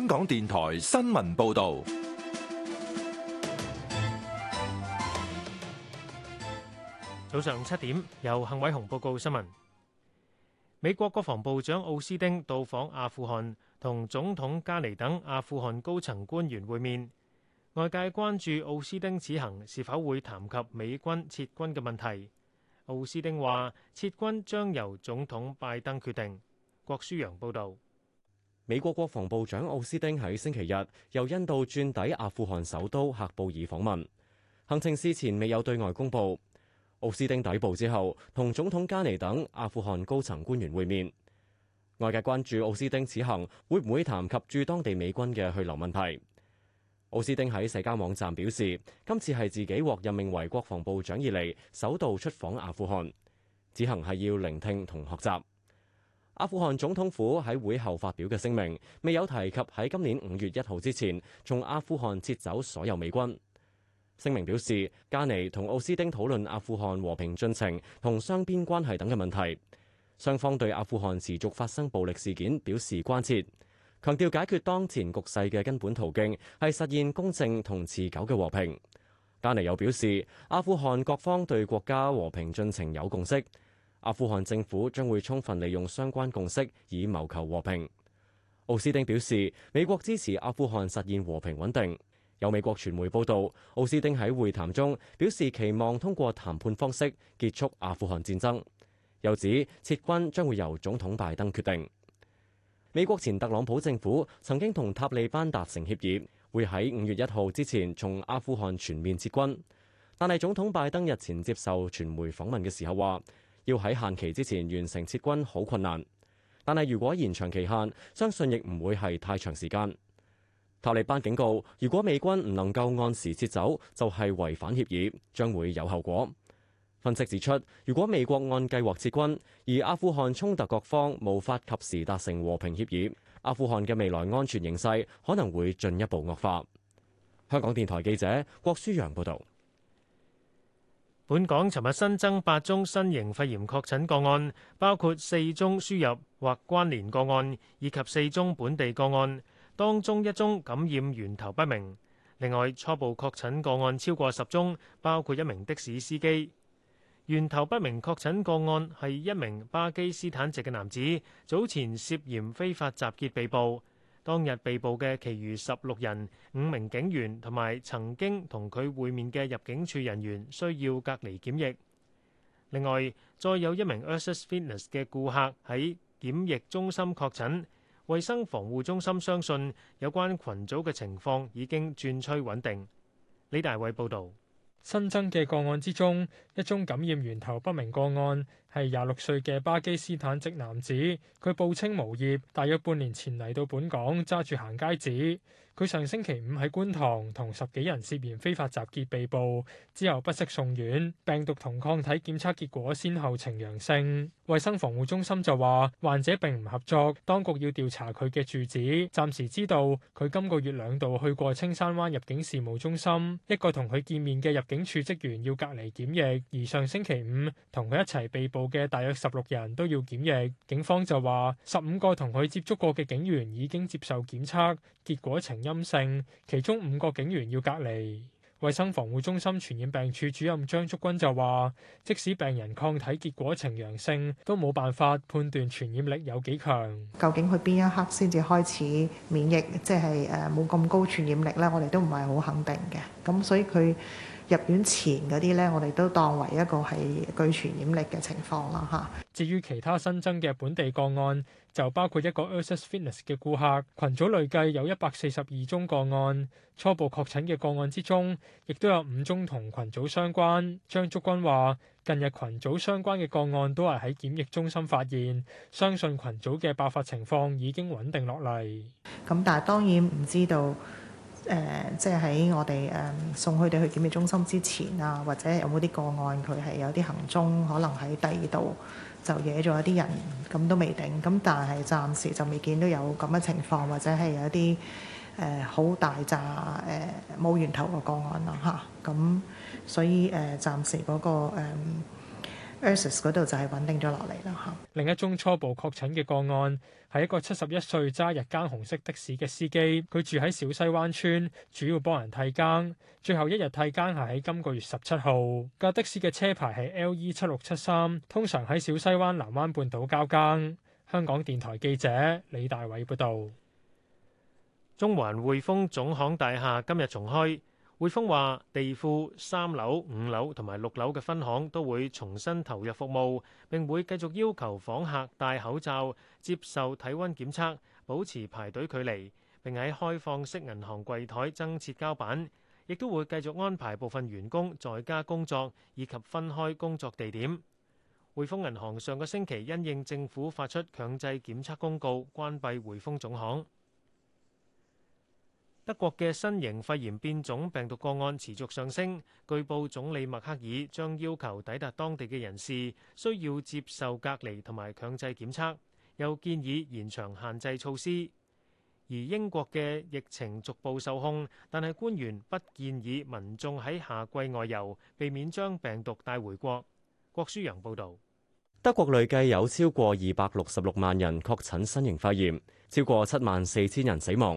香港電台新聞報道，早上七點，由幸偉雄報告新聞。美國國防部長奧斯丁到訪阿富汗，同總統加尼等阿富汗高層官員會面。外界關注奧斯丁此行是否會談及美軍撤軍嘅問題。奧斯丁話，撤軍將由總統拜登決定。郭舒揚報道。美國國防部長奧斯丁喺星期日由印度轉抵阿富汗首都喀布爾訪問，行程事前未有對外公布。奧斯丁抵埗之後，同總統加尼等阿富汗高層官員會面。外界關注奧斯丁此行會唔會談及駐當地美軍嘅去留問題。奧斯丁喺社交網站表示，今次係自己獲任命為國防部長以嚟，首度出訪阿富汗，此行係要聆聽同學習。阿富汗總統府喺會後發表嘅聲明，未有提及喺今年五月一號之前從阿富汗撤走所有美軍。聲明表示，加尼同奧斯丁討論阿富汗和平進程同雙邊關係等嘅問題，雙方對阿富汗持續發生暴力事件表示關切，強調解決當前局勢嘅根本途徑係實現公正同持久嘅和平。加尼又表示，阿富汗各方對國家和平進程有共識。阿富汗政府將會充分利用相關共識，以謀求和平。奧斯丁表示，美國支持阿富汗實現和平穩定。有美國傳媒報道，奧斯丁喺會談中表示，期望通過談判方式結束阿富汗戰爭，又指撤軍將會由總統拜登決定。美國前特朗普政府曾經同塔利班達成協議，會喺五月一號之前從阿富汗全面撤軍，但係總統拜登日前接受傳媒訪問嘅時候話：要喺限期之前完成撤軍好困難，但係如果延長期限，相信亦唔會係太長時間。塔利班警告，如果美軍唔能夠按時撤走，就係違反協議，將會有後果。分析指出，如果美國按計劃撤軍，而阿富汗衝突各方無法及時達成和平協議，阿富汗嘅未來安全形勢可能會進一步惡化。香港電台記者郭舒揚報道。本港尋日新增八宗新型肺炎確診個案，包括四宗輸入或關聯個案，以及四宗本地個案。當中一宗感染源頭不明。另外，初步確診個案超過十宗，包括一名的士司機。源頭不明確診個案係一名巴基斯坦籍嘅男子，早前涉嫌非法集結被捕。當日被捕嘅其餘十六人、五名警員同埋曾經同佢會面嘅入境處人員需要隔離檢疫。另外，再有一名 Ursus Fitness 嘅顧客喺檢疫中心確診。衛生防護中心相信有關群組嘅情況已經轉趨穩定。李大偉報導，新增嘅個案之中，一宗感染源頭不明個案。係廿六歲嘅巴基斯坦籍男子，佢報稱無業，大約半年前嚟到本港揸住行街紙。佢上星期五喺觀塘同十幾人涉嫌非法集結被捕，之後不適送院，病毒同抗體檢測結果先後呈陽性。衛生防護中心就話，患者並唔合作，當局要調查佢嘅住址。暫時知道佢今個月兩度去過青山灣入境事務中心，一個同佢見面嘅入境處職員要隔離檢疫，而上星期五同佢一齊被捕嘅大約十六人都要檢疫，警方就話十五個同佢接觸過嘅警員已經接受檢測，結果呈陰性，其中五個警員要隔離。衛生防護中心傳染病處主任張竹君就話，即使病人抗體結果呈陽性，都冇辦法判斷傳染力有幾強，究竟佢邊一刻先至開始免疫，即係誒冇咁高傳染力咧，我哋都唔係好肯定嘅，咁所以佢，入院前嗰啲咧，我哋都當為一個係具傳染力嘅情況啦嚇。至於其他新增嘅本地個案，就包括一個 Ursus Fitness 嘅顧客群組，累計有一百四十二宗個案。初步確診嘅個案之中，亦都有五宗同群組相關。張竹君話：近日群組相關嘅個案都係喺檢疫中心發現，相信群組嘅爆發情況已經穩定落嚟。咁但係當然唔知道。誒、呃，即係喺我哋誒、呃、送佢哋去檢疫中心之前啊，或者有冇啲個案佢係有啲行蹤，可能喺第二度就惹咗一啲人，咁都未定。咁但係暫時就未見到有咁嘅情況，或者係有一啲誒好大紮誒冇源頭個個案啊嚇。咁所以誒、呃，暫時嗰、那個、呃 ASIS 嗰度就係穩定咗落嚟啦。另一宗初步確診嘅個案係一個七十一歲揸日間紅色的士嘅司機，佢住喺小西灣村，主要幫人替更。最後一日替更係喺今個月十七號。架的士嘅車牌係 LE 七六七三，通常喺小西灣南灣半島交更。香港電台記者李大偉報導。中環匯豐總行大廈今日重開。匯豐話，地庫三樓、五樓同埋六樓嘅分行都會重新投入服務，並會繼續要求訪客戴口罩、接受體温檢測、保持排隊距離，並喺開放式銀行櫃枱增設膠板，亦都會繼續安排部分員工在家工作以及分開工作地點。匯豐銀行上個星期因應政府發出強制檢測公告，關閉匯豐總行。德國嘅新型肺炎變種病毒個案持續上升，據報總理默克爾將要求抵達當地嘅人士需要接受隔離同埋強制檢測，又建議延長限制措施。而英國嘅疫情逐步受控，但係官員不建議民眾喺夏季外遊，避免將病毒帶回國。郭舒陽報道，德國累計有超過二百六十六萬人確診新型肺炎，超過七萬四千人死亡。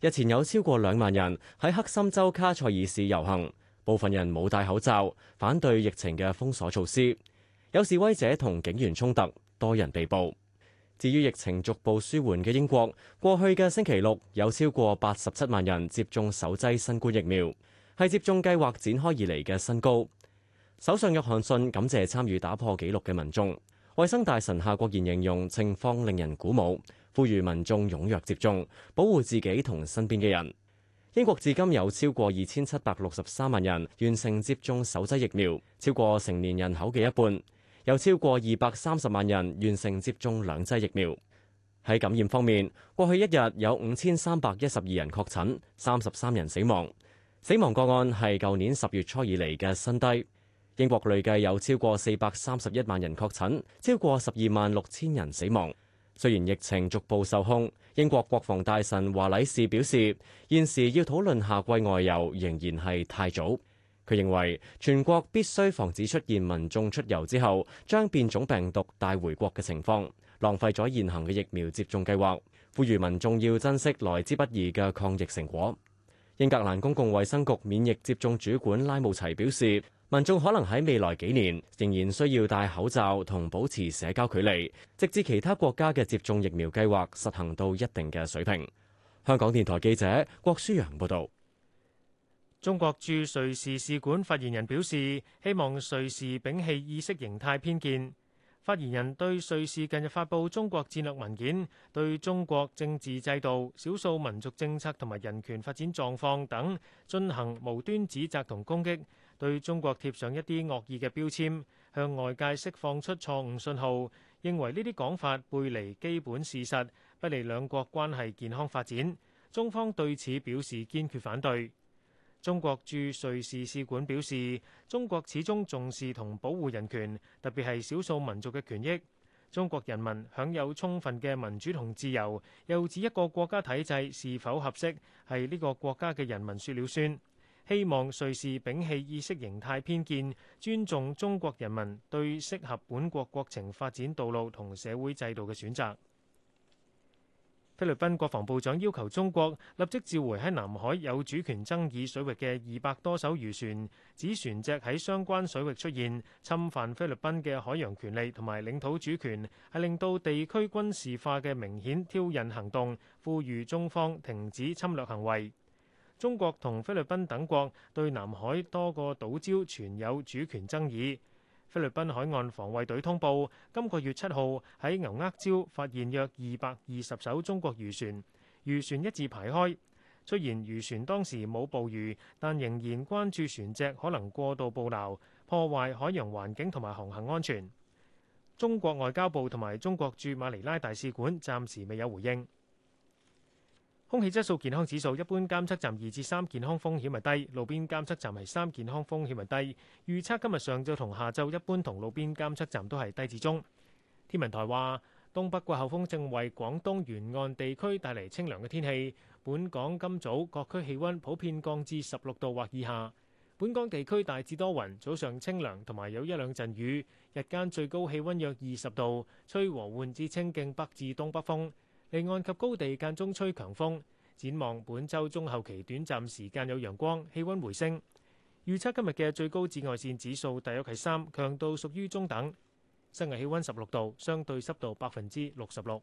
日前有超過兩萬人喺黑森州卡塞爾市遊行，部分人冇戴口罩，反對疫情嘅封鎖措施。有示威者同警員衝突，多人被捕。至於疫情逐步舒緩嘅英國，過去嘅星期六有超過八十七萬人接種首劑新冠疫苗，係接種計劃展開以嚟嘅新高。首相約翰遜感謝參與打破紀錄嘅民眾，衛生大臣夏國賢形容情況令人鼓舞。呼籲民眾踴躍接種，保護自己同身邊嘅人。英國至今有超過二千七百六十三萬人完成接種首劑疫苗，超過成年人口嘅一半；有超過二百三十萬人完成接種兩劑疫苗。喺感染方面，過去一日有五千三百一十二人確診，三十三人死亡。死亡個案係舊年十月初以嚟嘅新低。英國累計有超過四百三十一萬人確診，超過十二萬六千人死亡。雖然疫情逐步受控，英國國防大臣華禮士表示，現時要討論夏季外遊仍然係太早。佢認為全國必須防止出現民眾出遊之後將變種病毒帶回國嘅情況，浪費咗現行嘅疫苗接種計劃，呼籲民眾要珍惜來之不易嘅抗疫成果。英格蘭公共衛生局免疫接種主管拉姆齊表示，民眾可能喺未來幾年仍然需要戴口罩同保持社交距離，直至其他國家嘅接種疫苗計劃實行到一定嘅水平。香港電台記者郭舒揚報導。中國駐瑞士使館發言人表示，希望瑞士摒棄意識形態偏見。發言人對瑞士近日發布中國戰略文件，對中國政治制度、少數民族政策同埋人權發展狀況等進行無端指責同攻擊。對中國貼上一啲惡意嘅標籤，向外界釋放出錯誤信號，認為呢啲講法背離基本事實，不利兩國關係健康發展。中方對此表示堅決反對。中國駐瑞士使館表示，中國始終重視同保護人權，特別係少數民族嘅權益。中國人民享有充分嘅民主同自由，又指一個國家體制是否合適，係呢個國家嘅人民說了算。希望瑞士摒棄意識形態偏見，尊重中國人民對適合本國國情發展道路同社會制度嘅選擇。菲律賓國防部長要求中國立即召回喺南海有主權爭議水域嘅二百多艘漁船，指船隻喺相關水域出現，侵犯菲律賓嘅海洋權利同埋領土主權，係令到地區軍事化嘅明顯挑釁行動，呼籲中方停止侵略行為。中國同菲律賓等國對南海多個島礁存有主權爭議。菲律賓海岸防衛隊通報，今個月七號喺牛軛礁發現約二百二十艘中國漁船，漁船一字排開。雖然漁船當時冇捕魚，但仍然關注船隻可能過度捕撈，破壞海洋環境同埋航行安全。中國外交部同埋中國駐馬尼拉大使館暫時未有回應。空氣質素健康指數，一般監測站二至三，健康風險係低；路邊監測站係三，健康風險係低。預測今日上晝同下晝，一般同路邊監測站都係低至中。天文台話，東北季候風正為廣東沿岸地區帶嚟清涼嘅天氣。本港今早各區氣温普遍降至十六度或以下。本港地區大致多雲，早上清涼，同埋有一兩陣雨。日間最高氣温約二十度，吹和緩至清勁北至東北風。離岸及高地間中吹強風，展望本周中後期短暫時間有陽光，氣温回升。預測今日嘅最高紫外線指數大約係三，強度屬於中等。室外氣温十六度，相對濕度百分之六十六。